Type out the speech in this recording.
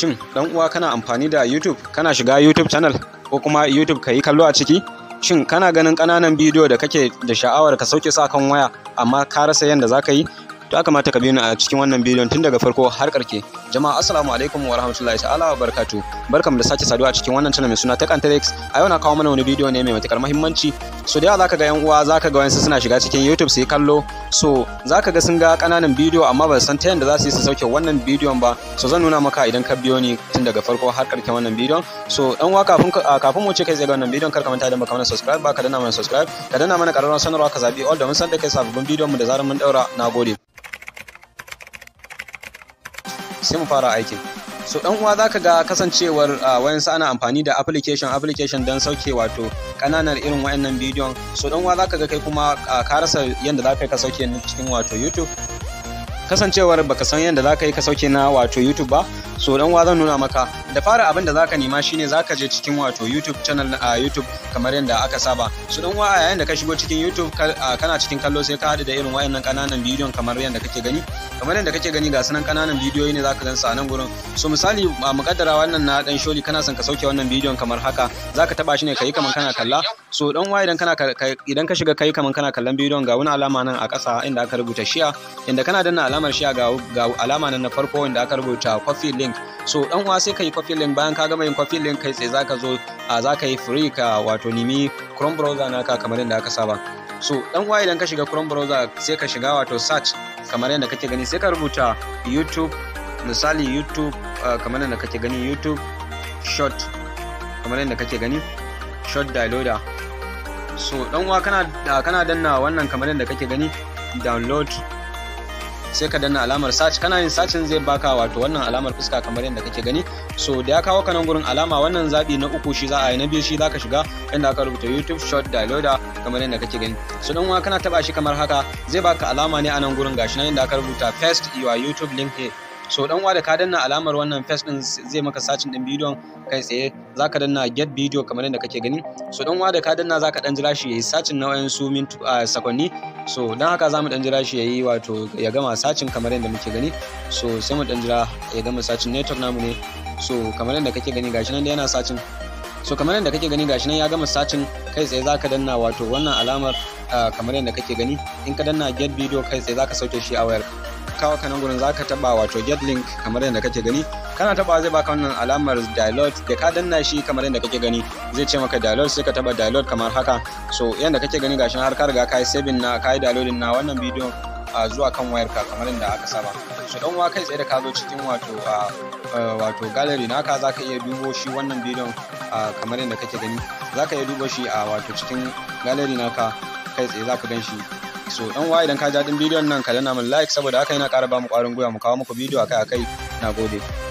shin dan uwa kana amfani da youtube kana shiga youtube channel ko kuma youtube ka yi kallo a ciki shin kana ganin kananan bidiyo da kake da sha'awar ka sauke sa kan waya amma ka rasa yadda za ka yi to aka kamata ka bi ni a cikin wannan bidiyon tun daga farko har karke jama'a assalamu alaikum wa rahmatullahi ta'ala wa barkatu barkamu da sake saduwa a cikin wannan channel mai suna Tech and a yau na kawo mana wani bidiyo ne mai matakar muhimmanci so da yawa zaka ga yan uwa zaka ga wayansu suna shiga cikin YouTube su yi kallo so zaka ga sun ga kananan bidiyo amma ba san ta yanda za su yi su sauke wannan bidiyon ba so zan nuna maka idan ka biyo ni tun daga farko har karke wannan bidiyon so dan uwa kafin kafin mu ce kai ga wannan bidiyon kar ka manta da maka mana subscribe ba ka dana mana subscribe ka dana mana kararrawar sanarwa ka zabi all domin san da kai sababbin bidiyon mu da zarar mun daura nagode sai mu fara aikin so dan uwa zaka ga kasancewar ah, wayansu ana amfani da application application dan sauke wato kananan irin wayannan bidiyon so dan uwa zaka ga kai kuma ah, ka rasa yanda zaka ka sauke cikin wato YouTube kasancewar baka san yadda zaka yi ka sauke na wato YouTube ba so dan wa zan nuna maka da fara abin da zaka nema shine zaka je cikin wato YouTube channel a YouTube kamar yadda aka saba so dan wa yayin da ka shigo cikin YouTube kana cikin kallo sai ka hadu da irin wayannan kananan bidiyon kamar yadda kake gani kamar yadda kake gani ga sunan kananan bidiyo ne zaka gansa a nan gurin so misali kaddara wannan na dan sholi kana son ka sauke wannan bidiyon kamar haka zaka taba shi ne kai kaman kana kalla so dan wa idan kana idan ka shiga kai kaman kana kallon bidiyon ga wani alama nan a ƙasa inda aka rubuta shiya inda kana danna alama alamar sha ga, alama nan na farko wanda aka rubuta coffee link so dan uwa sai ka yi coffee link bayan ka gama yin coffee link kai tsaye zaka zo a zaka yi free ka wato nimi chrome browser naka kamar yadda aka saba so dan uwa idan ka shiga chrome browser sai ka shiga wato search kamar yadda kake gani sai ka rubuta youtube misali youtube uh, kamar yadda kake gani youtube short kamar yadda kake gani short downloader so dan uwa kana kana danna wannan kamar yadda kake gani download sai ka danna alamar search kana yin searching zai baka wato wannan alamar fuska kamar yadda kake gani so da ya kawo ka nan gurin alama wannan zabi na uku shi za a yi na biyu shi zaka shiga inda aka rubuta YouTube short downloader kamar yadda kake gani so dan uwa kana taba shi kamar haka zai baka alama ne a nan gurin gashi nan inda aka rubuta paste your YouTube link here so dan uwa da ka danna alamar wannan face din zai maka sacin din bidiyon kai tsaye zaka danna get video kamar yadda kake gani so dan uwa da ka danna zaka dan jira shi yayi sacin na wayan su min sakonni so dan haka zamu dan jira shi yayi wato ya gama sacin kamar yadda muke gani so sai mu dan jira ya gama sacin network namu ne so kamar yadda kake gani gashi nan da yana sacin so kamar yadda kake gani gashi nan ya gama sacin kai tsaye zaka danna wato wannan alamar kamar yadda kake gani in ka danna get video kai sai zaka sauke shi a wayar kawo ka nan gurin zaka taba wato get link kamar yadda kake gani kana taba zai baka wannan alamar download da ka danna shi kamar yadda kake gani zai ce maka download sai ka taba download kamar haka so yadda kake gani gashi har ka riga kai saving na kai downloading na wannan video a zuwa kan wayarka kamar yadda aka saba so dan wa kai tsaye da ka zo cikin wato wato gallery naka zaka iya dubo shi wannan video kamar yadda kake gani zaka iya dubo shi a wato cikin gallery naka kai tsaye za ka gan shi so ɗan wa idan ka ji daɗin bidiyon nan ka dana min like saboda haka yana ƙara ba mu ƙwarin gwiwa mu kawo muku bidiyo akai-akai na gode